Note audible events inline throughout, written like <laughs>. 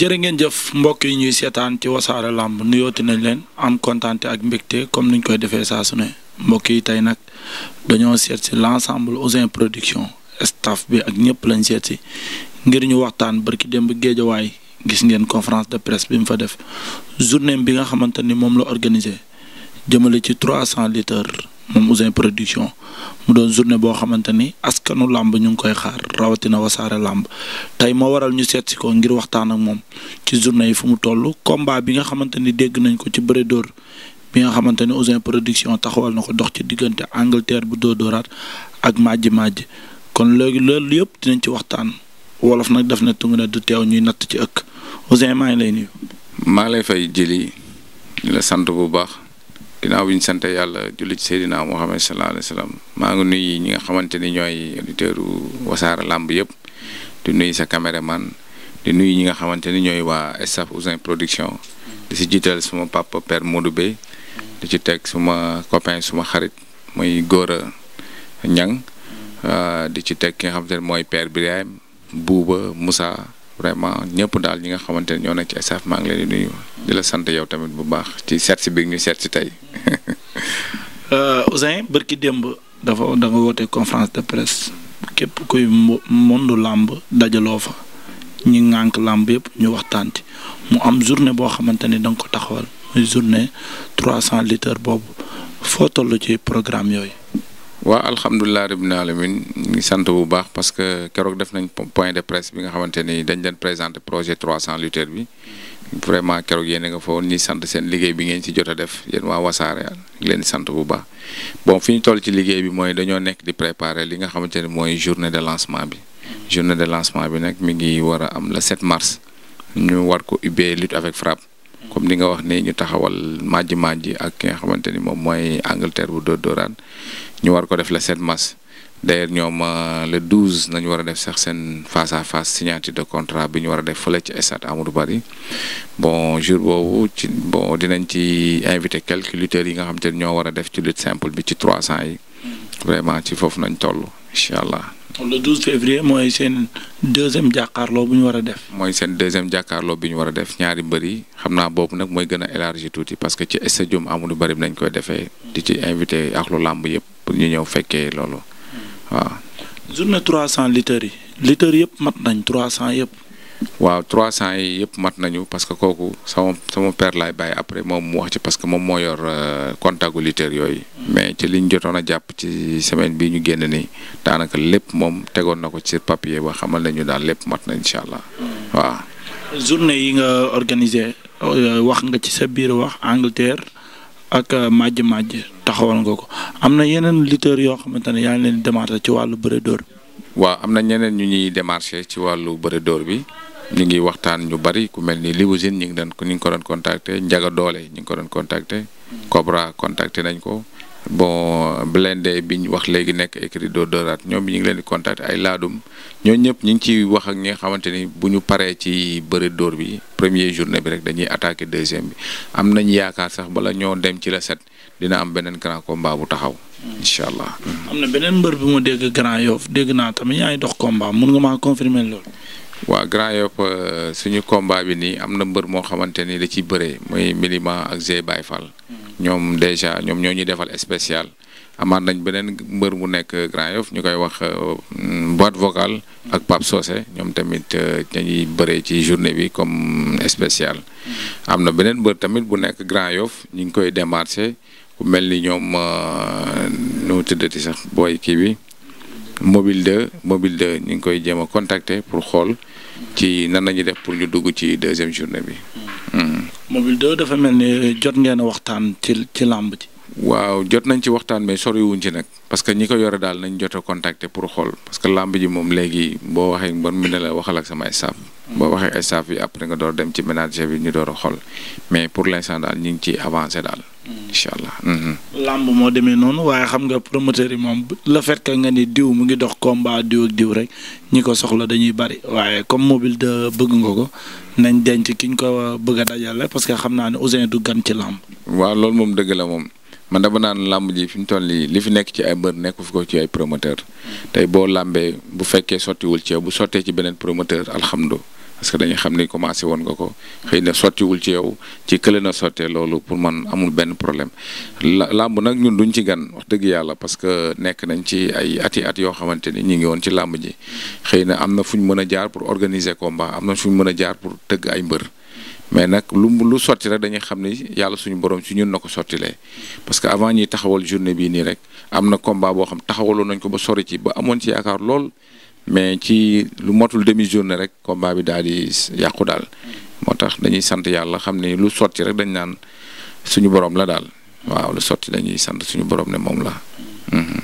jërë ngeen jëf mbokk yi ñuy seetaan ci wasaare làmb nuyooti nañ leen am kontaan ak mbégte comme niñ koy defee saa su ne mbokk yi tey nag dañoo seet si l'ensemble Ouzin Production staff bi ak ñëpp lañ seet ngir ñu waxtaan barki demb géejawaay gis ngeen conférence de presse bi mu fa def journée bi nga xamante ni moom la organisé jëmale ci trois cent litres moom Ouzin production mu doon journée boo xamante ni askanu làmb ñu ngi koy xaar rawatina wasaare làmb tey moo waral ñu seet ko ngir waxtaan ak moom ci journée yi fu mu toll combat bi nga xamante ni dégg nañ ko ci bëre dóor bi nga xamante ni Ouzin production taxawal na ko dox ci diggante Angleterre bu dóodóoraat ak majji majji kon léegi loolu yëpp dinañ ci waxtaan wolof nag def ne tungu ne du teew ñuy natt ci ëkk Ouzin maa ngi lay nuyu. maa lay fay jëli la sant bu baax. ginnaaw bi ñu sant yàlla julli ci Seydina moo sallallahu alayhi wa sallam maa ngi nuyu ñi nga xamante ni ñooy auditeurs wasaara làmb yëpp di nuyu sa man di nuyu ñi nga xamante ni ñooy waa staff Ouzin Production di si jiital suma papa père Modou Bey di ci teg suma copain suma xarit muy Gora Ñang ah, di ci teg ki nga xamante ne mooy père Birahim Buuba Moussa vraiment ñëpp daal ñi nga xamante ne ñoo nekk ci staff maa ngi leen di nuyu la sant yow tamit bu baax ci seet si bi ñu seer si tey. <laughs> Euh, Ouzin bërki démb dafa da nga woote conférence de presse képp kuy mondu làmb dajaloo fa ñi ŋànk làmb yëpp ñu waxtaan mu am journée boo xamante ni da nga ko taxawal muy journée trois cent litres boobu foo toll ci programme yooyu. waaw alhamdulilah rabbil alamin ñu ngi sant bu baax parce que keroog def nañ point de presse bi nga xamante ni dañ leen présenter projet 300 lutteurs bi vraiment keroog yéen a nga fa woon ñuy sant seen liggéey bi ngeen ci jot def yéen waa wasaare ñu leen di sant bu baax bon fi ñu toll ci liggéey bi mooy dañoo nekk di préparer li nga xamante ni mooy journée de lancement bi journée de lancement bi nag mi ngi war a am le 7 mars ñu war ko ubbee lutte avec frappe comme ni nga wax ni ñu taxawal majji majji ak ki nga xamante ni moom mooy Angleterre bu dóor dóoraan ñu war ko def le 7 mars d'ailleurs ñoom euh, le 12 nañu war a def sax seen face à face signature de contrat bi ñu war a def fële ci stade Amadou bari bon jour boobu ci bon dinañ ci invité quelques lutteurs yi nga xam te ñoo war a def ci lutte simple bi ci trois 300 yi. Mm. vraiment ci foofu nañ toll. incha allah. le 12 février mooy seen deuxième jàkkaarloo bu ñu war a def. mooy seen deuxième jàkkaarloo bi ñu war a def ñaari mbër yi xam naa boobu nag mooy gën a élargi tuuti parce que ci stadium amul Barry bi nañ koy defee di ci invité ak làmb yëpp pour ñu ñëw fekkee loolu waaw. journée 300 litres yi litres yëpp mat nañ trois 300 yëpp. waaw 300 yi yëpp mat nañu parce que kooku sama sama père laay bàyyi après moom mu wax ci parce que moom moo yor euh, contagu littère yooyu. mais ci liñ jotoon a jàpp ci semaine bi ñu génne nii daanaka lépp moom tegoon na ko ci papier ba xamal nañu daal lépp mat na incha allah. Hmm. waaw. journée yi nga organisé euh, wax nga ci sa biir wax Angleterre ak euh, Madj Madj taxawal nga ko am na ñeneen lutteurs yoo xamante ne yaa ngi leen démarché ci wàllu bëre dóor. waaw am na ñeneen ñu ñuy démarché ci wàllu bëre dóor bi. ñu ngi waxtaan ñu bari ku mel ni Libusine ñu ngi doon ñu ngi ko doon contacter Ndiaga Doole ñu ngi ko doon contacter. Cobra contacter nañ ko. bon blende biñ wax léegi nekk écrit d'odorat ñoom ñu ngi leen di contacter ay laadum ñooñu ñëpp ñu ngi ciy wax ak ñi nga xamante ni bu ñu paree ci bëri dóor bi premier journée bi rek dañuy attaqué deuxième bi am nañ yaakaar sax bala ñoo dem ci la set dina am beneen grand combat bu taxaw. incha allah. am na beneen mbër bi ma dégg Grand Yoff dégg naa tamit yaa dox combat mun nga maa confirmer loolu. waaw Grand Yoff euh, suñu combat bi nii am na mbër moo xamante ni da ciy bëree mooy Milima ak Zé Baye hmm. ñoom dèjà ñoom ñoo ñuy defal spécial. amaat nañ beneen mbër mu nekk Grand Yoff ñu koy wax euh, boîte vocale. ak Pape Socé ñoom tamit euh, dañuy bëree ci journée bi comme spécial. Hmm. am na beneen mbër tamit bu nekk Grand Yoff ñu ngi koy démarché ku mel ni ñoom nu mu tuddati sax booy kii bi. mobile 2 mobile 2 ñu ngi koy jéem a contacter pour xool ci nan lañuy def pour ñu dugg ci deuxième journée bi. mobile 2 dafa mel ni jot ngeen waxtaan ci ci làmb ci waaw jot nañ ci waxtaan mais soriwuñ ci nag parce que ñi ko yore daal nañ jot a pour xool parce que làmb ji moom léegi boo waxee ban mi la waxal ak sama staff. boo waxee staff yi après nga door dem ci ménager bi ñu door a mais pour l'instant daal ñu ngi ci avancé daal. Mm. incha allah. Mm-hmm. làmb moo demee noonu waaye xam nga promoteur yi moom le fait nga ni diw mu ngi dox combat diw ak diw rek ñi ko soxla dañuy bari waaye comme mobile de bëgg nga ko nañ denc ki ñu ko bëgg a dajale parce que xam naa ne Ouzin du gan ci làmb. waaw lool moom dëgg la moom. man dama naan làmb ji fi mu toll nii li fi nekk ci ay mbër nekku fi ko ci ay promoteur tey boo làmbee bu fekkee sottiwul ci yow bu sottee ci beneen promoteur alhamdu parce que dañuy xam ni commencé woon nga ko xëy na sottiwul ci yow ci kële na sottee loolu pour man amul benn problème làmb nag ñun duñ ci gan wax dëgg yàlla parce que nekk nañ ci ay ati at yoo xamante ni ñu ngi woon ci làmb ji xëy na am na fu ñu mën a jaar pour organiser combat am na fu ñu mën a jaar pour tëgg ay mbër mais nag lu lu sotti rek dañuy xam ni yàlla suñu borom ci ñun na ko sottilee parce que avant ñuy taxawal journée bi nii rek am na combat boo xam taxawaloon nañ ko ba sori ci ba amoon ci yaakaar lool mais ci lu motul demi journée rek combat bi daal di yàqu daal moo tax dañuy sant yàlla xam ni lu sotti rek dañ naan suñu borom la daal waaw lu sotti dañuy sant suñu borom ne moom la. Mhm.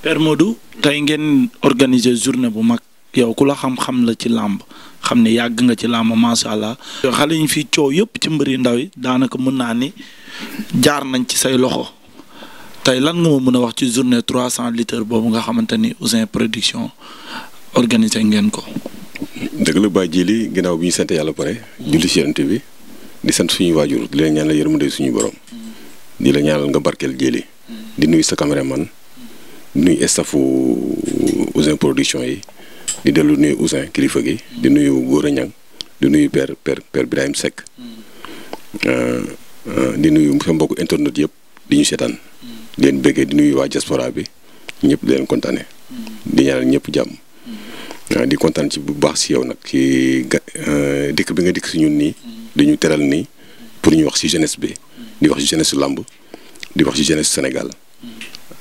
Père Modou tey ngeen organiser journée bu mag yow ku la xam-xam la ci làmb xam ne yàgg nga ci làmb macha allah. xale ñu fi coow yëpp ci mbëri ndaw yi daanaka mën naa ni jaar nañ ci say loxo tey lan nga ma mën a wax ci journée trois cent litres boobu nga xamante ni Ouzin Production organisé ngeen ko. dëgg la Baye Djili ginnaaw bi ñu sant yàlla pare. julli ci Yonent bi di sant suñuy waajur di leen ñaanal yërmande suñu borom. di la ñaanal nga barkeel Djili. di nuyu sa caméraman. di nuyu staffu Ouzin Production yi. di dellu nuyu Ousseyn kilifa gi. di nuyu Gora Niang di nuyu per père père Birahim Seck. Hmm. Euh, euh, di nuyu sa mbokku internet yëpp di ñu seetaan. Hmm. di leen bëggee di nuyu waa diaspora bi ñëpp di leen kontaanee. Hmm. di ñaanal ñëpp jàmm. Ah, di kontaan ci bu baax si yow nag ci ga euh, dikk bi nga dikk si ñun nii. di teral nii pour ñu wax si jeunesse bi. di wax si jeunesse su làmb di wax si jeunesse Sénégal.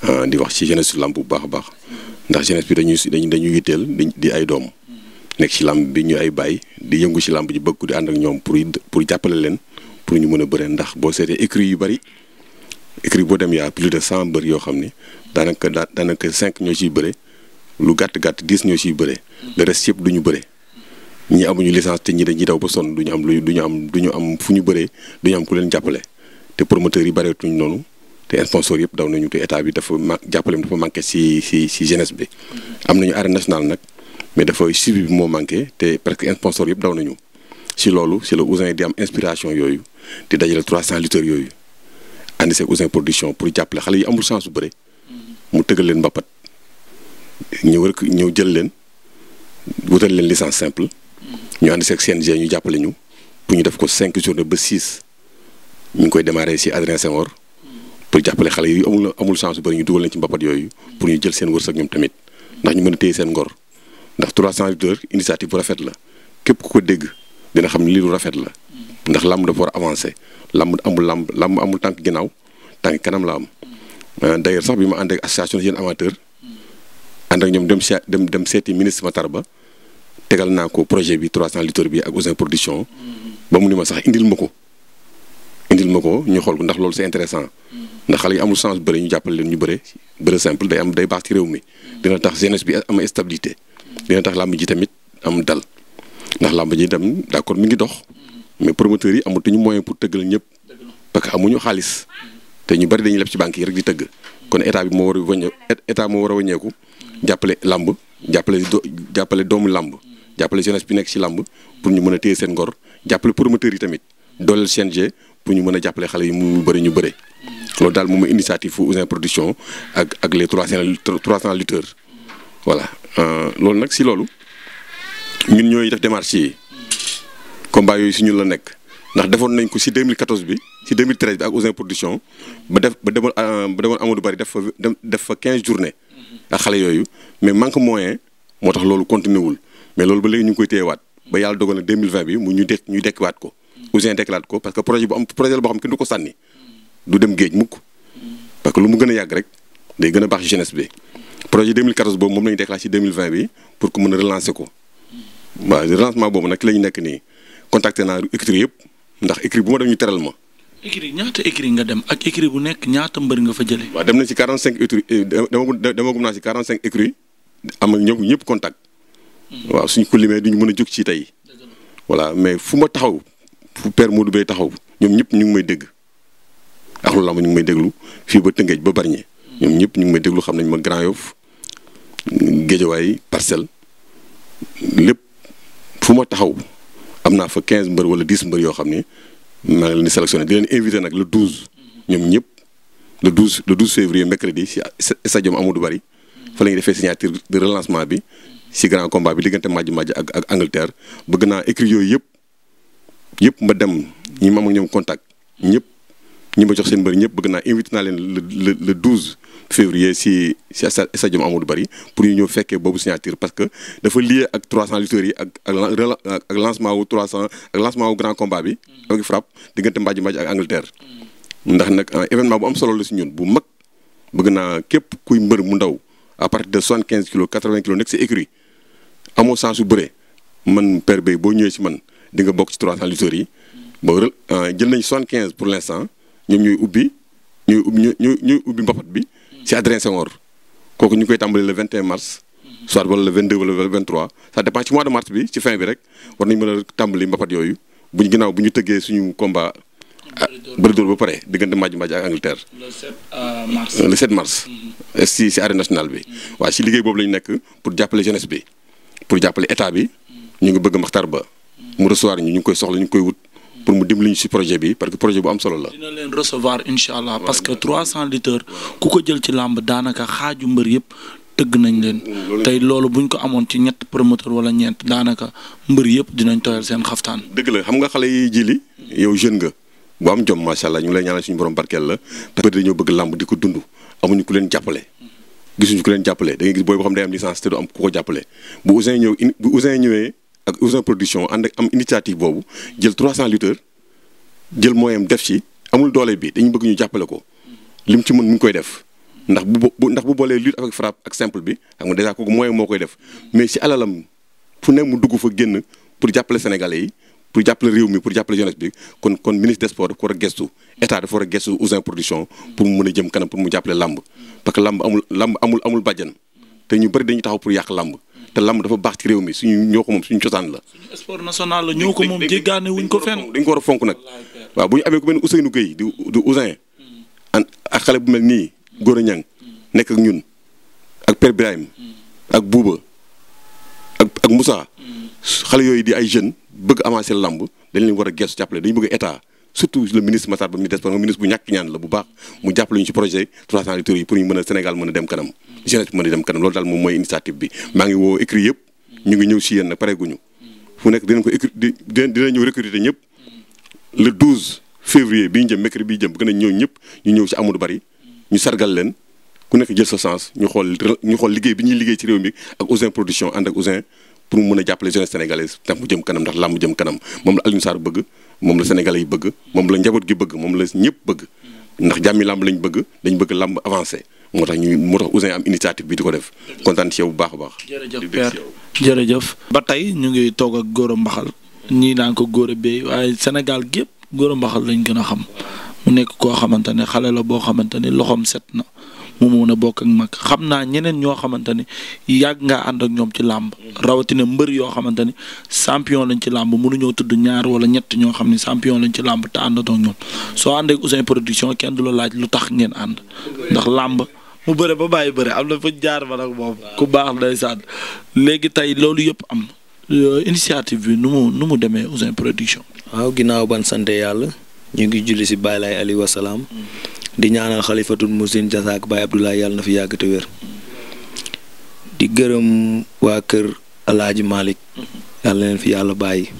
Ah, di wax si jeunesse su làmb bu baax a baax. ndax jeunesse bi dañuy dañuy dañuy yitteel di ay doom nekk ci làmb bi ñu ay baay di yëngu ci làmb ji bëgg di ànd ak ñoom pour pour jàppale leen pour ñu mën a bëre ndax boo seetee écrit yu bari écrit boo dem yaa plus de cent mbër yoo xam ni daanaka daanaka cinq ñoo ciy bëre lu gàtt gàtt dix ñoo ciy bëre le reste yëpp du ñu bëre ñi amuñu licence te ñi dañuy daw ba sonn duñu am lu du am du ñu am fu ñu bëree du ñu am ku leen jàppale te promoteurs yi bareetuñ noonu te sponsor yëpp daw nañu te état bi dafa man jàppale dafa manqué si si si jeunesse bi. Mm-hmm. am nañu arène nationale nag mais dafa suivi bi moo manqué te presque sponsor yëpp daw nañu si loolu si la ousin di am inspiration yooyu di dajale 300 lutteurs yooyu andi seen Ouzin production pour jàppale xale yi amul chance bu bëre. Mm-hmm. mu tëggal leen mbapat ñëw rek ñëw jël leen wutal leen licence simple. Mm-hmm. ñu ànd seeg CNG ñu jàppale ñu pour ñu def ko 5 journée ba 6 ñu ngi koy démarrer si Adrien Senghor. pour jàppale xale yi amul amul chance bu bëri ñu dugal leen ci mbapat yooyu pour ñu jël seen wërsëg ñoom tamit ndax ñu mën a téye seen ngor ndax 300 lutteurs initiative bu rafet la képp ku ko dégg dina xam li lu rafet la ndax làmb dafa war avancé làmb amul làmb làmb amul tànk ginnaaw tànk kanam la am euh, d'ailleurs sax bi ma ànd ak association jeunes amateurs ànd ak ñoom dem dem dem seeti ministre ma tar Ba tegal naa ko projet bi trois 300 lutteurs bi ak Ousin production ba ma sax indil ma ko. indil ma ko ñu xool ko ndax loolu c'est intéressant ndax xale yi amul sens bëre ñu jàppale leen ñu bëre bëre simple day am day baax ci réew mi dina tax jeunesse bi am stabilité dina tax làmb ji tamit am dal ndax làmb ji tam d'accord mi ngi dox mais promoteurs yi amatuñu moyen pour tëggal ñëpp parce que amuñu xaalis te ñu bari dañuy leb ci banque yi rek di tëgg kon état bi moo war a wëññe état moo war a wëññeeku jàppale làmb jàppale do jàppale doomu làmb jàppale jeunesse bi nekk ci làmb pour ñu mën a téye seen ngor jàppale promoteurs yi tamit dooleel CNG pour ñu mën a jàppale xale yi mu bëri ñu bëre loolu daal moom mooy initiative fu Ouzin Production ak ak les trois cent trois cent lutteurs voilà euh, loolu nag si loolu ñun ñooy def démarche yi combat yooyu si ñun la nekk ndax defoon nañ ko si 2014 bi si 2013 bi ak Ouzin Production ba def ba demoon ba demoon Amadou Bari def fa def fa 15 journée ak xale yooyu mais manque moyen moo tax loolu continué wul mais loolu ba léegi ñu ngi koy téyewaat ba yàlla dogal bi mu ñu dekk ñu ko. Ouzin déclare ko parce que projet bu am projet la boo xam kenn du ko sànni du dem géej mukk parce que lu mu gën a yàgg rek day gën a baax jeunesse bi projet 2014 boobu moom la ñu déclaré ci 2020 bi pour que mën a relancer ko waaw relancement boobu nag la ñu nekk nii contacté naa écurie yëpp ndax écurie bu ma dem ñu teral ma. écurie ñaata nga dem ak écurie bu nekk ñaata mbër nga fa jëlee. waa dem na ci 45 écurie eh, demagum naa ci 45 écurie am ak ñoom ñëpp contact. Hmm. waaw suñ ko limee duñ mën a jóg ci tey. voilà mais fu ma taxaw. fu père Modou Bey taxaw ñoom ñëpp ñu ngi may dégg ak lu lamb ñu ngi may déglu fii ba Tëngéej ba Bargny ñoom ñëpp ñu ngi may déglu xam nañ ma Grand Yoff Géejawaay Parcelles lépp fu ma taxaw am naa fa 15 mbër wala 10 mbër yoo xam ne maa ngi leen di sélectionné di leen invité nag le 12 ñoom ñëpp le 12 le 12 février mercredi si stade Amadou Barry fa la ñuy defee signature de relancement bi si grand combat bi diggante Madj Madj ak ak Angleterre bëgg naa écrit yooyu yëpp. yëpp ma dem ñi ma am ak ñoom contact ñëpp ñu ma jox seen mbër ñëpp bëgg naa invité naa leen le le le douze février si sa stade Amadou Barry pour ñëw fekkee boobu signature parce que dafa lié ak 300 lutteurs yi ak ak ak lancement wu 300 ak lancement wu grand combat bi. avec frappe diggante ndax nag ah, événement bu am solo la si ñun bu mag bëgg naa képp kuy mbër mu ndaw à partir de 75 kilos 80 kilos nekk si écurie amoo sens su bëree man père bay boo ñëwee si man. di nga bokk ci 300 lutteurs yi ba euh, jël nañ 75 pour l' instant ñoom ñuy ubbi ñuy ubbi ñuy ubbi mbapat bi si Adrien Senghor kooku ñu koy tàmbali le 21 mars. soit wala le 22 wala le 23 ça dépend ci mois de mars bi ci fin bi rek war nañ mën a tàmbali mbapat yooyu buñ ginnaaw bu ñu tëggee suñu combat. Ah, bëri dóor ba pare diggante mbaaj mbaaj ak Angleterre. le 7 euh, mars le 7 mars. Mm-hmm. si si nationale bi. Mm-hmm. waaw si liggéey boobu la ñu nekk pour jàppale jeunesse bi pour jàppale état bi. ñu ngi bëgg Maxtar Ba. mu recevoir ñu ñu ngi koy soxla ñu ngi koy wut. pour mu dimbali ñu ci projet bi parce que projet bu am solo la. dina leen recevoir incha allah parce que 300 litres ku ko jël ci làmb daanaka xaaju mbër yëpp tëgg nañ leen. Mm, tey loolu buñ ko amoon ci ñett promoteur wala ñeent daanaka mbër yëpp dinañ tooyal seen xaftaan. dëgg la xam nga xale yi jili yow jeune nga bu am jom macha allah ñu ngi lay ñaanal suñu borom barkeel la. parce que dañoo bëgg làmb di ko dund amuñu ku leen jàppale. gisuñu leen jàppale da ngay gis booy boo xam day ak Ousin production ànd ak am initiative boobu jël 300 lutteurs jël moyen def ci amul doole bi dañu bëgg ñu jàppale ko lim ci mën mu ngi koy def ndax bu bu ndax bu boolee lutte avec frappe ak simple bi xam ma dèjà kooku moyen moo koy def mais ci alalam fu ne mu dugg fa génn pour jàppale sénégalais yi pour jàppale réew mi pour jàppale jeunesse bi kon kon ministre des sports dafa war a gestu état dafa war a gestu Ousin production pour mu mën a jëm kanam pour mu jàppale làmb parce que làmb amul làmb amul amul bàjjan te ñu bëri dañuy taxaw pour yàq làmb te lamb dafa baax ci réew mi suñu ñoo ko moom suñu cosaan la. suñu sport national la ñoo ko moom jéggaane wuñ ko fenn. dañ ko war a fonk nag waaw bu ñu amee ku mel ne Ousseynou Gueye di di Ousin ak xale bu mel nii Gora Niang nekk ak ñun ak Père Birahim ak Bouba ak ak Moussa xale yooyu di ay jeunes bëgg avancer lamb dañ leen war a gestu jàppale dañu bëgg état. surtout le ministre Matar Ba mi baax mu jàppale ñu ci projet 300 litres yi pour ñu a Sénégal mën a dem kanam jeunesse bi mën a dem kanam ngi ñëw si yéen na pareeguñu fu nekk dinañ ko dina ñëw recruter ñëpp le 12 février bi ñu jëm mercredi bi jëm gën a ñëw ñëpp ñu ñëw si Amadou Bari ñu sargal leen ku nekk jël sa sens ñu xool ñu xool liggéey bi ñuy liggéey ci réew mi ak Ouzin production ànd ak Ouzin pour mu mën a jàppale jeunesse sénégalaise tax mu jëm kanam ndax mu jëm kanam moom la Alioune Sarr bëgg moom la Sénégalais yi bëgg moom la njaboot gi bëgg moom la ñëpp bëgg ndax jàmmi làmb lañ bëgg dañ bëgg làmb avancé moo tax ñuy moo tax am initiative bi di ko def kontaan ci bu baax a baax. jërëjëf père jërëjëf. ba tey ñu ngi toog ak Gora Mbaxal ñii naan ko Gora Béye waaye Sénégal gépp Gora Mbaxal lañ gën a xam mu nekk koo xamante ne xale la boo xamante ne loxoom set na mu mun a bokk ak mag xam naa ñeneen ñoo xamante ne yàgg ngaa ànd ak ñoom ci làmb rawatina mbër yoo xamante ne champion lañ ci làmb mënuñoo tudd ñaar wala ñett ñoo xam ne champion lañ ci làmb te àndatoo ñoom soo àndee ak Ouzin kenn du la laaj lu tax ngeen ànd ndax làmb mu bëre ba bàyyi bëre am na fu jaar ba nag moom ku baax ndeysaan léegi tey loolu yëpp am euh, initiative bi nu mu nu mu demee Ouzin Production. waaw ginnaaw ban sant yàlla ñu ngi julli si Baay Laay Ali wasalaam. Mm. di ñaanal xalifatul muslim jasaak baay Abdoulaye yàlla na fi yàgg te wér di gërëm waa kër Alaaji Malick yàlla na leen fi yàlla bàyyi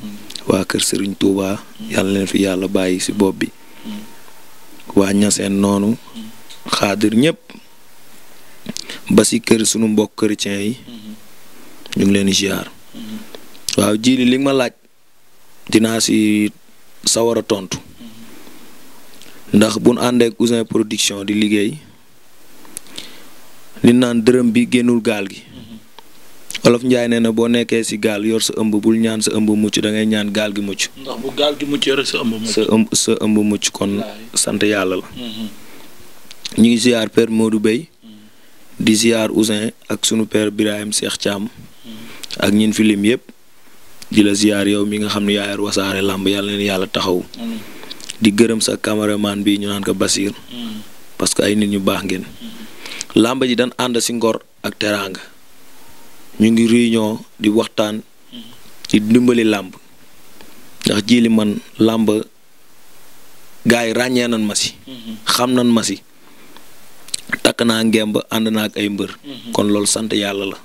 waa kër Serigne tuuba yàlla na leen fi yàlla bàyyi si bopp bi waa ñaseen noonu xaadir ñépp ba si kër sunu mbokk kër chrétien yi ñu ngi leen di ziar waaw jiili li ma laaj dinaa si sawar a tontu. ndax bun nu àndee ak production di liggéey li naan dërëm bi génnul gaal gi olof Njaay nee na boo nekkee si gaal yor sa ëmb bul ñaan sa ëmb mucc da ngay ñaan gaal gi mucc. ndax bu gaal sa ëmb mucc. kon sant yàlla la. Mm-hmm. ñu ngi ziar père Modou mm-hmm. di ziar Ouzin ak sunu père Birahim Cheikh Thiam. Mm-hmm. ak ñin filim yëpp di la ziar yow mi nga xam ne yaa yor wasaare làmb yàlla na yàlla taxaw. di gërëm sa caméraman bi ñu naan ko Basir. Hmm. parce que ay nit ñu baax ngeen. Hmm. làmb ji dan ànd si ngor ak teraanga ñu ngi réunion di waxtaan. Hmm. ci dimbali làmb ndax li man làmb gars yi ràññee nañ ma si. xam nañ ma si takk naa ngemb ànd naa ak ay mbër. kon loolu sant yàlla la.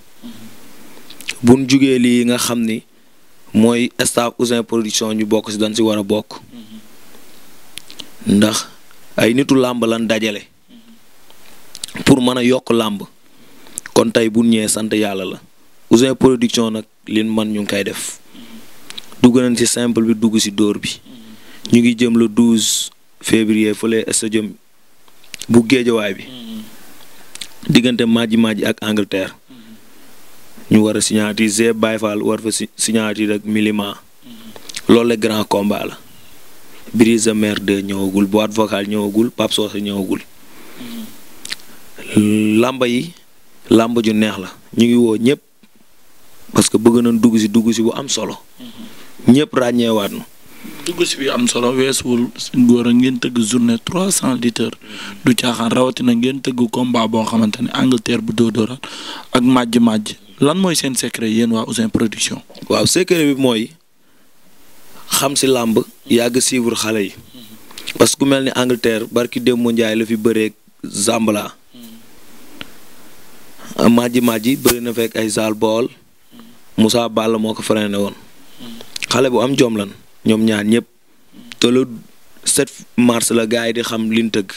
bun jugee lii nga xam ni mooy staff Ouzin Production ñu bokk si dañ si war a bokk. ndax ay nitu làmb lan dajale pour mën a yokk làmb kon tey bu ñëwee sant yàlla la Ouzin Production nag lin man ñu ngi koy def dugg nañ ci simple bi dugg ci dóor bi ñu ngi jëm le 12 février fële stadium bu géejawaay bi diggante maaji maaji ak Angleterre ñu war a signature Zé Baye Fall war fa signature ak Milima loolu la grand combat la Brise de Mer 2 ñëwagul boîte vocale ñëwagul Pape Socé ñëwagul. làmba yi làmba ju neex la ñu ngi woo ñëpp parce que bëgg na dugg si dugg si bu am solo. Mhm. ñëpp ràññeewaat na. dugg si bi am solo weesuwul góor a ngeen tëgg journée trois cent litres mhm. du caaxaan rawatina ngeen tëgg combat boo xamante ne Angleterre bu dóodóoraat ak màjj màjj lan mooy seen secret yéen waa Ouzin Production. waaw secret bi mooy. xam si làmb yàgg suivre xale yi parce que ku mel ni Angleterre barki démb Ndiaye la fi bëreeg Zambala Maji Maji bëri na fekk ay Saal Bool Moussa Ball moo ko freiné woon xale bu am jom ñoom ñaar ñëpp te le 7 mars la gars yi di xam liñ tëgg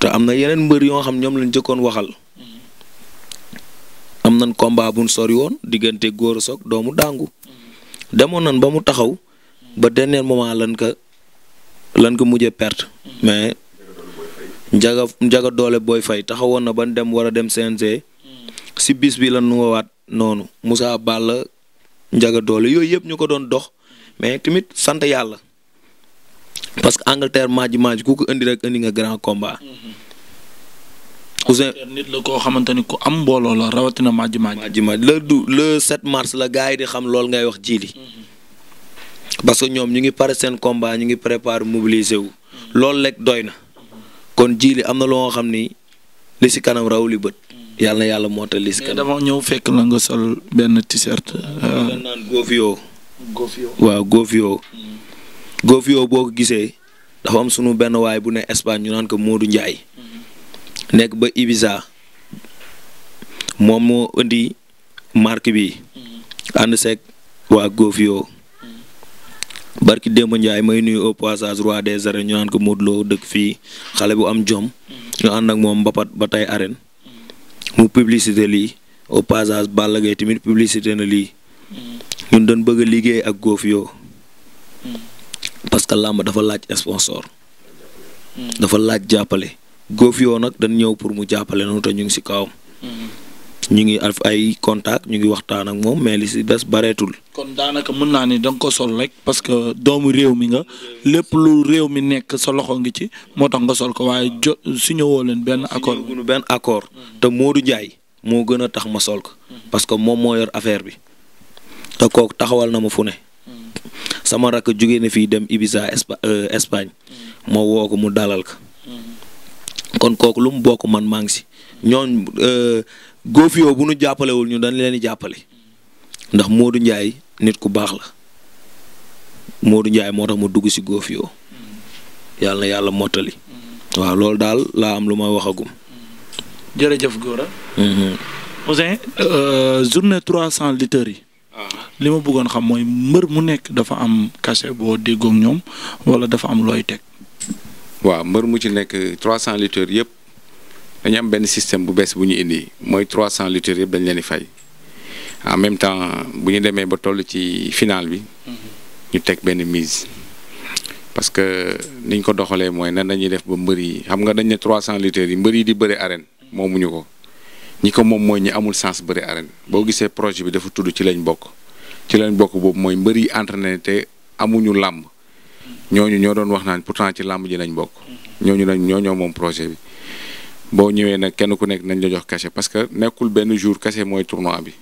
te am na yeneen mbër yoo xam ñoom lañ jëkkoon waxal am nañ combat buñ sori diggante góor a soog doomu dàngu demoon nañ ba mu taxaw. ba dernier moment lan ko lan ko mujjee perte mais njaga njaga doole booy fay taxawoon na ban dem war a dem CNG si bis bi lan nu wawaat noonu Moussa Balla njaga doole yooyu yëpp ñu ko doon dox mais tamit sant yàlla parce que Angleterre maaj maaj ku ko indi rek indi nga grand combat. Mm-hmm. Ousseyn nit la koo xamante ni ku am mbooloo la rawatina maaj maaj. maaj le du le 7 mars la gars yi di xam loolu ngay wax jiili. Mm-hmm. parce que ñoom ñu ngi pare seen combat ñu ngi préparé mobiliser wu loolu rek doy na kon ji am na loo xam ni li si kanam raw li bët. yàlla na yàlla mootal li si kanam. dama ñëw fekk la nga sol benn t-shirt. Euh, naan Gofio. Mm. boo ko gisee dafa am sunu benn waay bu ne Espagne ñu naan ko Modou Ndiaye. Mm-hmm. nekk ba Ibiza moom moo indi marque bi. Mm-hmm. ànd seeg waa Gofio. barki Demba Ndiaye may nuyu au passage roi des arènes ñu naan ko Modou Lo dëkk fii xale bu am jom. ñu ànd ak moom mbapat ba tey arène. mu publicité lii au passage Balla Gaye tamit publicité na lii. ñun dañ bëgg a liggéey ak góof yoo. parce que làmb dafa laaj sponsor. dafa laaj jàppale. góof yoo nag dañ ñëw pour mu jàppale noonu te ñu ngi si kaw ñu ngi af ay contact ñu ngi waxtaan ak moom mais li si des bareetul. kon daanaka mën naa ni da ko sol rek parce que doomu réew mi nga lépp lu réew mi nekk sa loxo ngi ci moo tax nga sol ko waaye jo su ñëwoo leen benn accord. benn accord te Modou Ndiaye moo gën a tax ma sol ko. parce que moom moo yor affaire bi. te kooku taxawal na ma fu ne. sama rakk jóge na fii dem Ibiza euh, Espagne. ma woo ko mu dalal ko. Mm-hmm. kon kooku lu mu bokk man maa ngi si ñooñ euh, Gofio bu nu jàppalewul ñu dañ leen di jàppale ndax Modou Ndiaye nit ku baax la Modou Ndiaye moo tax mu dugg si Gofio yàlla yàlla mottali. waaw loolu daal laa am lu ma waxagum. jërëjëf Gora. Mm-hmm. Ouzin euh, journée trois cent litres yi. Ah. li ma buggoon xam mooy mbër mu nekk dafa am cachet boo déggoog ñoom wala dafa am looy teg. waaw mbër mu ci nekk trois cent litres yëpp dañu am benn système bu bees bu ñu indi mooy 300 lutteurs yëpp dañ leen di fay en même temps bu ñu demee ba toll ci final bi ñu teg benn mise parce que niñ ko doxalee mooy nan dañuy def ba mbër yi xam nga dañ ne 300 lutteurs yi mbëri yi di bëre arène moomuñu ko ñi ko moom mooy ñi amul sens bëre arène boo gisee projet bi dafa tudd ci lañ bokk ci lañ bokk boobu mooy mbëri yi entraîné te amuñu làmb ñooñu ñoo doon wax naan pourtant ci làmb ji lañ bokk ñooñu lañ ñoo ñoo moom projet bi boo ñëwee nag kenn ku nekk nañ la jox cachet parce que nekkul benn jour kase mooy tournoi bi.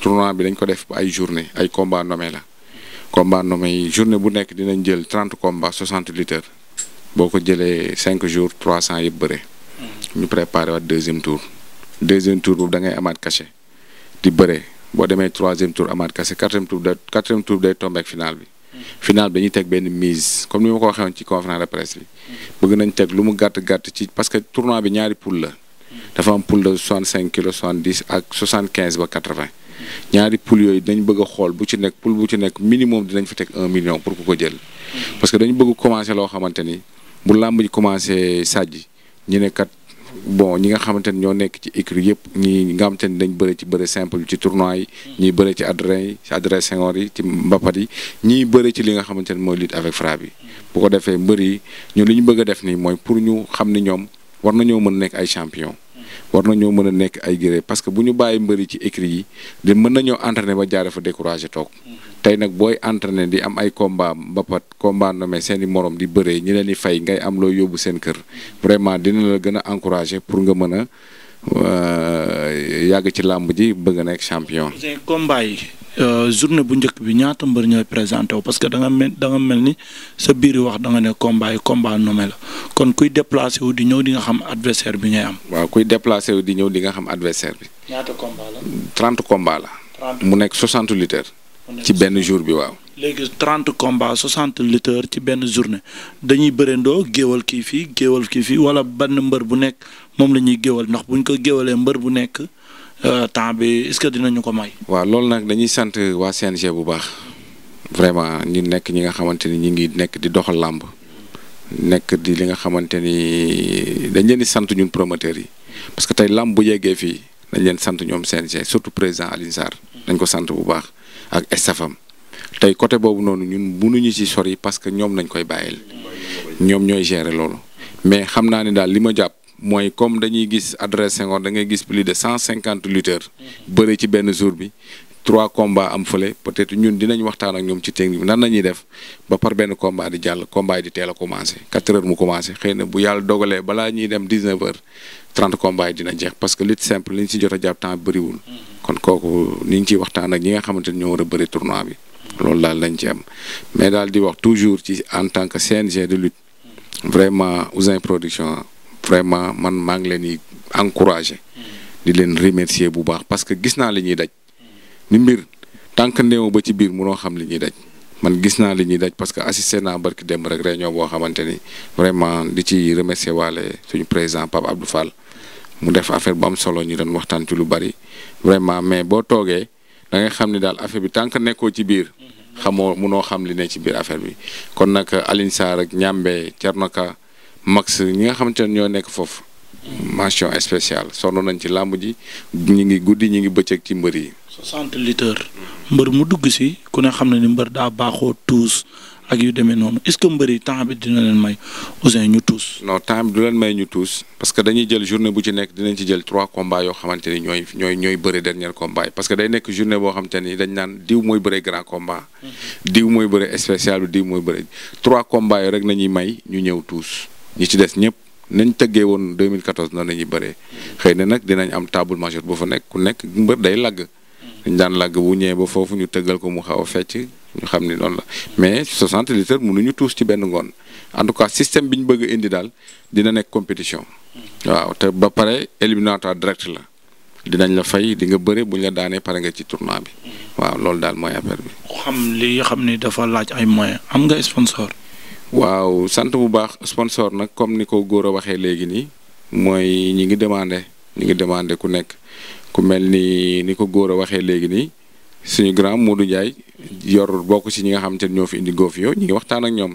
tournoi bi dañ ko def ay journée ay combat nommé la. combat nommé yi journée bu nekk dinañ jël trente combats soixante lutteurs boo ko jëlee cinq jours trois cent yëpp bëre. ñu préparé waat deuxième tour. deuxième tour boobu da ngay amaat cachet di bëre boo demee troisième tour amaat cachet quatrième tour day quatrième tour day tombé ak bi. final bi dañuy teg benn mise comme ni ma ko waxee woon ci conférence de presse bi. bëgg nañ teg lu mu gàtt gàtt ci parce que tournoi bi ñaari poule la. dafa am poule de 65 kilos 70 ak 75 ba 80. ñaari poule yooyu dañ bëgg xool bu ci nekk poule bu ci nekk minimum dinañ fa teg un million pour ku ko jël. parce que dañu bëgg commencé loo xamante ni bu làmb ji commencé sàjj ñu ne kat. bon ñi nga xamante ne ñoo nekk ci écrit yëpp ñi nga xamante ne dañ bëre ci bëre simple ci tournoi yi hmm. ñiy bëre ci adrin yi ci adrin yi ci mbapat yi ñi bëre ci li nga xamante ne mooy lutte avec fra bi hmm. bu ko defee mbër yi ñun li ñu bëgg a def nii mooy pour ñu xam ni ñoom war nañoo mën a nekk ay champion hmm. war nañoo mën a nekk ay guerrier parce que bu ñu bàyyi mbër yi ci écrit yi de mën nañoo entraîner ba jaare fa découragé toog tey nag booy entraîné di am ay combat mbapat combat nommé seen i morom di bëree ñi leen di fay ngay am loo yóbbu seen kër vraiment dina la gën a encouragé pour nga mën a euh, yàgg ci làmb ji bëgg nekk champion. combat yi euh, journée bu njëkk bi ñaata mbër ñooy présenté wu parce que da nga mel da mel ni sa biir wax da nga ne combat yi combat nommé la kon kuy déplacé wu di ñëw di nga xam adversaire bi ngay am. waaw kuy déplacé wu di ñëw di nga xam adversaire bi. ñaata combat la. la. mu nekk 60 lutteurs. ci benn jour bi waaw. léegi trente combats soixante lutteurs ci benn journée dañuy bërendoo géewal kii fii géewal kii fii wala benn mbër bu nekk moom la ñuy géewal ndax buñ ko géwalee mbër bu nekk euh, temps bi est-ce que dinañu ko may. waaw loolu nag dañuy sant waa CNG bu baax vraiment ñu nekk ñi nga xamante ni ñu ngi nekk di doxal làmb nekk di li nga xamante ni dañ leen di sant ñun promoteurs yi parce que tey làmb bu yeggee fii dañ leen sant ñoom CNG surtout président Alioune Sarr dañ ko sant bu baax. ak estafam tey côté boobu noonu ñun mënuñu ci sori parce que ñoom lañ koy bàyyil ñoom ñooy gérer loolu mais xam naa ne daal li ma jàpp mooy comme dañuy gis adresse Senghor da ngay gis plus de cent cinquante lutteurs bëri ci benn jour bi trois combats am fële peut-être ñun dinañ waxtaan ak ñoom ci technique bi nan nañuy def ba par benn combat di jàll combat di teel a commencé quatre heures mu commencé xëy na bu yàlla dogalee balaa ñuy dem dix-neuf heures 30 combats yi dina jeex parce que lutte simple li ñu si jot a jàpp temps bëriwul. kon kooku ni ñu ciy waxtaan ak ñi nga xamante ni ñoo war a bëri tournoi bi. loolu daal lañ ci am mais daal di wax toujours ci en tant que CNG de lutte. vraiment Ouzin Production vraiment man maa ngi leen di encourager. di leen remercier bu baax parce que gis naa li ñuy daj. ni mbir que néew ba ci biir munoo xam li ñuy daj. man gis naa li ñuy daj parce que assisté naa barki dem rek réunion boo xamante ni vraiment di ci remercier waale suñu président Pape Abdou Fall. mu def affaire bu am solo ñu doon waxtaan ci lu bari vraiment mais boo toogee da ngay xam ni daal affaire bi tant que nekkoo ci biir. xamoo mu noo xam li ne ci biir affaire bi kon nag alinsa rek ak Ñambe Thierno Max ñi nga xamante ne ñoo nekk foofu. mention spéciale sonn nañ ci làmb ji ñi ngi guddi ñi ngi bëccëg ci mbër yi. 60 mbër mu dugg si ku ne xam na ni mbër daa baaxoo tuus. ak yu demee noonu est-ce que mbëri temps dina leen may Ouzin ñu tuus. non temps du leen may ñu tuus parce que dañuy jël journée bu ci nekk dinañ ci jël trois combats yoo xamante ni ñooy ñooy ñooy bëri dernier combat yi parce que day nekk journée boo xamante ni dañ naan diw mooy bëre grand combat. diw mooy bëre spécial bi diw mooy bëre trois combats yi rek nañuy may ñu ñëw tuus ñu ci des ñëpp. nañ tëggee woon 2014 noonu la ñuy bëree xëy na nag dinañ am table majeure boo fa nekk ku nekk mbër day lagg. daan lagg bu ñëwee ba foofu ñu tëggal ko mu xaw a fecc ñu xam ni noonu la mais 60 litres mënuñu tuus ci benn ngoon en tout cas système bi ñu bëgg indi daal dina nekk compétition. waaw te ba pare éliminatoire direct la dinañ la fay di nga bëre bu ñu la daanee pare nga ci tournoi bi waaw loolu daal mooy affaire bi. xam li xam ni dafa laaj ay moyens am nga sponsor. waaw sant bu baax sponsor nag comme ni ko góor a waxee léegi nii mooy ñi ngi demandé ñi ngi demandé ku nekk ku mel ni ni ko góor a waxee léegi nii. suñu grand Modou Ndiaye yor bokk ci ñi nga xamante ni ñoo fi indi góof yo ñu ngi waxtaan ak ñoom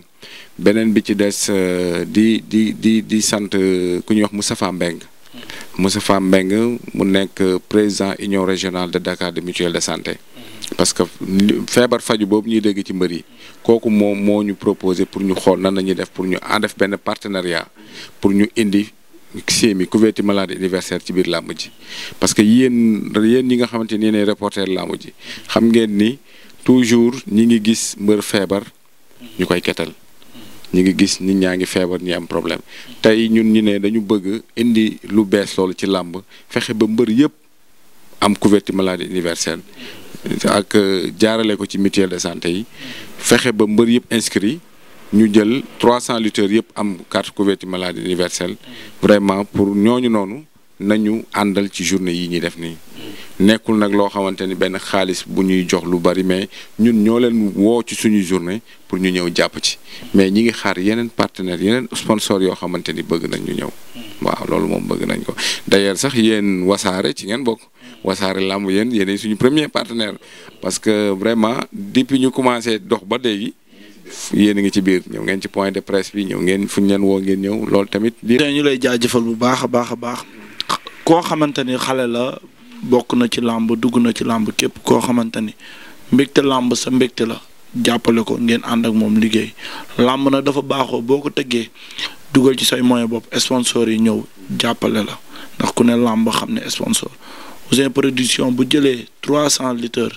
beneen bi ci des euh, di di di di sant euh, ku ñuy wax Moustapha Mbeng mm. Moustapha Mbeng mu nekk euh, président union régionale de Dakar de mutuelle de santé mm. parce que feebar faju boobu ñuy dégg ci mbër yi kooku moom moo ñu proposé pour ñu xool nan la ñuy def pour ñu en def benn partenariat pour ñu indi CMU couverture maladie universelle ci biir làmb ji parce que yéen yéen ñi nga xamante ni yéenay reporter làmb ji xam ngeen ni toujours ñi ngi gis mbër feebar ñu koy ketal ñi ngi gis nit ñaa ngi feebar ñi am problème tey ñun ñu ne dañu bëgg indi lu bees loolu ci làmb fexe ba mbër yëpp am couverture maladie universelle ak jaarale ko ci mutuelle de santé yi fexe ba mbër yëpp inscrit ñu jël trois 300 lutteurs yëpp am carte couverture maladie universelle vraiment pour ñooñu noonu nañu àndal ci journée yi ñuy def nii nekkul nag loo xamante ni benn xaalis bu ñuy jox lu bari mais ñun ñoo leen woo ci suñu journée pour ñu ñëw jàpp ci mais ñi ngi xaar yeneen partenaires yeneen sponsor yoo xamante ni bëgg nañ ñu ñëw waaw loolu moom bëgg nañ ko d'ailleurs sax yéen wasaare ci ngeen bokk wasaare làmb yéen yeneen suñu premier partenaire parce que vraiment depuis ñu commencé dox ba léegi yéen a ngi ci biir ñëw ngeen ci point de presse bi ñëw ngeen fu ñu leen woo ngeen ñëw loolu tamit. ñu lay jaajëfal bu baax a baax a baax koo xamante ni xale la bokk na ci làmb dugg na ci làmb képp koo xamante ni mbégte làmb sa mbégte la jàppale ko ngeen ànd ak moom liggéey làmb na dafa baaxoo boo ko tëggee dugal ci say moyen bopp sponsor yi ñëw jàppale la ndax ku ne làmb xam ne sponsor Ouzin Production bu jëlee trois cent litres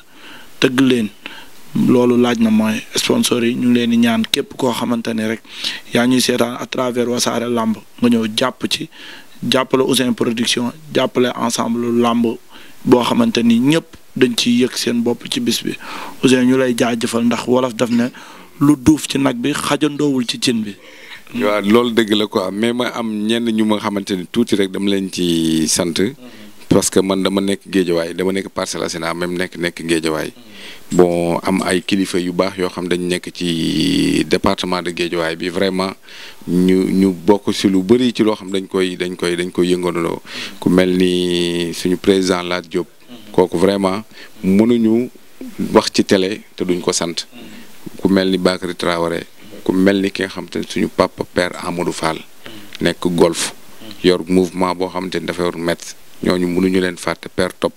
tëgg leen. loolu laaj na mooy sponsor yi ñu ngi leen di ñaan képp koo xamante ne rek yaa ñuy seetaan à travers wasaare làmb nga ñëw jàpp ci jàppale aussin Production jàppale ensemble làmb boo xamante ni ñëpp dañ ci yëg seen bopp ci bis bi Ouzin ñu lay jaajëfal ndax wolof def ne lu duuf ci nag bi xajandoowul ci cin bi. waaw loolu dëgg la quoi mais ma am ñenn ñu ma xamante ni tuuti rek dam leen ci sant. parce que man dama nekk géejawaay dama nekk Parcelles Assainies même nekk nekk géejawaay bon am ay kilifa yu baax yoo xam dañ nekk ci département de géejawaay bi vraiment ñu ñu bokk si lu bëri ci loo xam dañ koy dañ koy dañ koy yëngandoo ku mel ni suñu président Lat Diop. kooku vraiment mënuñu wax ci télé te duñ ko sant ku mel ni Bakary Traoré ku mel ni ki nga xam te ne suñu papa père Amadou Fall nekk golf yor mouvement boo xam te dafa yor mettre ñooñu mënuñu leen fàtte per top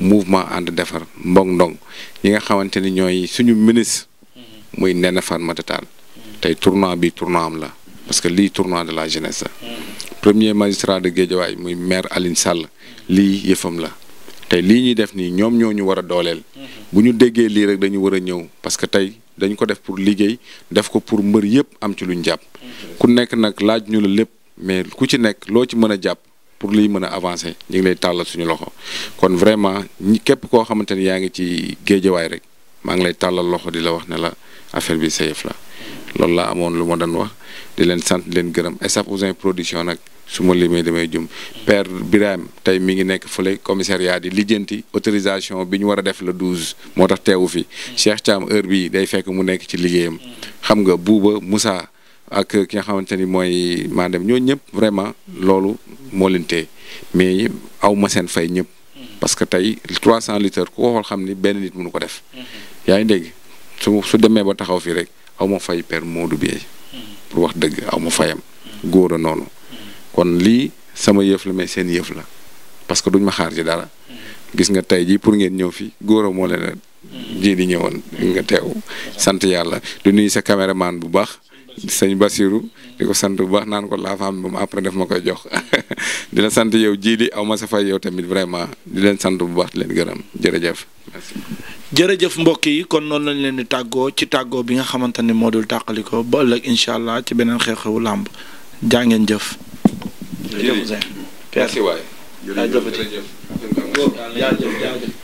mouvement ànd defar mbong ndong ñi nga xamante ni ñooy suñu ministre muy Néné Fatoumata Tall tey tournoi bi tournoi am la parce que lii tournoi de la jeunesse la premier magistrat de Guédiawaye muy maire Aline Sall lii yëfam la tey lii ñuy def nii ñoom ñoo ñu war a dooleel bu ñu déggee lii rek dañu war a ñëw parce que tey dañu ko def pour liggéey def ko pour mbër yëpp am ci luñ jàpp ku nekk nag laaj ñu la lépp mais ku ci nekk loo ci mën a jàpp pour lii mën a avancé ñu ngi lay tàllal suñu loxo kon vraiment képp koo xamante ni yaa ngi ci géejawaay rek maa ngi lay tàllal loxo di la wax ne la affaire bi sa la loolu laa amoon lu ma doon wax di leen sant leen gërëm Essaf Ouzin production nag su ma limee damay jum père Birame tey mi ngi nekk fële commissariat di lijjanti autorisation bi ñu war a def la 12 moo tax teewu fi Cheikh Thiam heure bii day fekk mu nekk ci liggéeyam xam nga Bouba Moussa ak ki nga xamante ni mooy maa dem ñëpp vraiment loolu moo leen téye mais aw ma seen fay ñëpp. parce que tey 300 litres ku ko xool xam ni benn nit mënu ko def. yaa ngi dégg su su demee ba taxaw fii rek aw ma fay per Modou Bieye. pour wax dëgg aw ma fayam. góor noonu. kon lii sama yëf la mais seen yëf la parce que duñ ma xaar ci dara. gis nga tey jii pour ngeen ñëw fi góor a moo leen jii di ñëwoon nga teew sant yàlla du nuyu sa caméraman bu baax sëñ Basirou di ko sant bu baax naan ko la femme bi mu après def ma koy jox <laughs> di la sant yow jiili aw ma sa fay tamit vraiment di leen sant bu baax di leen gërëm jërëjëf merci. jërëjëf mbokk yi kon noonu lañ leen di tàggoo ci tàggoo bi nga xamante ni moo dul tàqaliko ba ëllëg incha allah ci beneen xew-xewu làmb jàngeen ngeen jëf. jërëjëf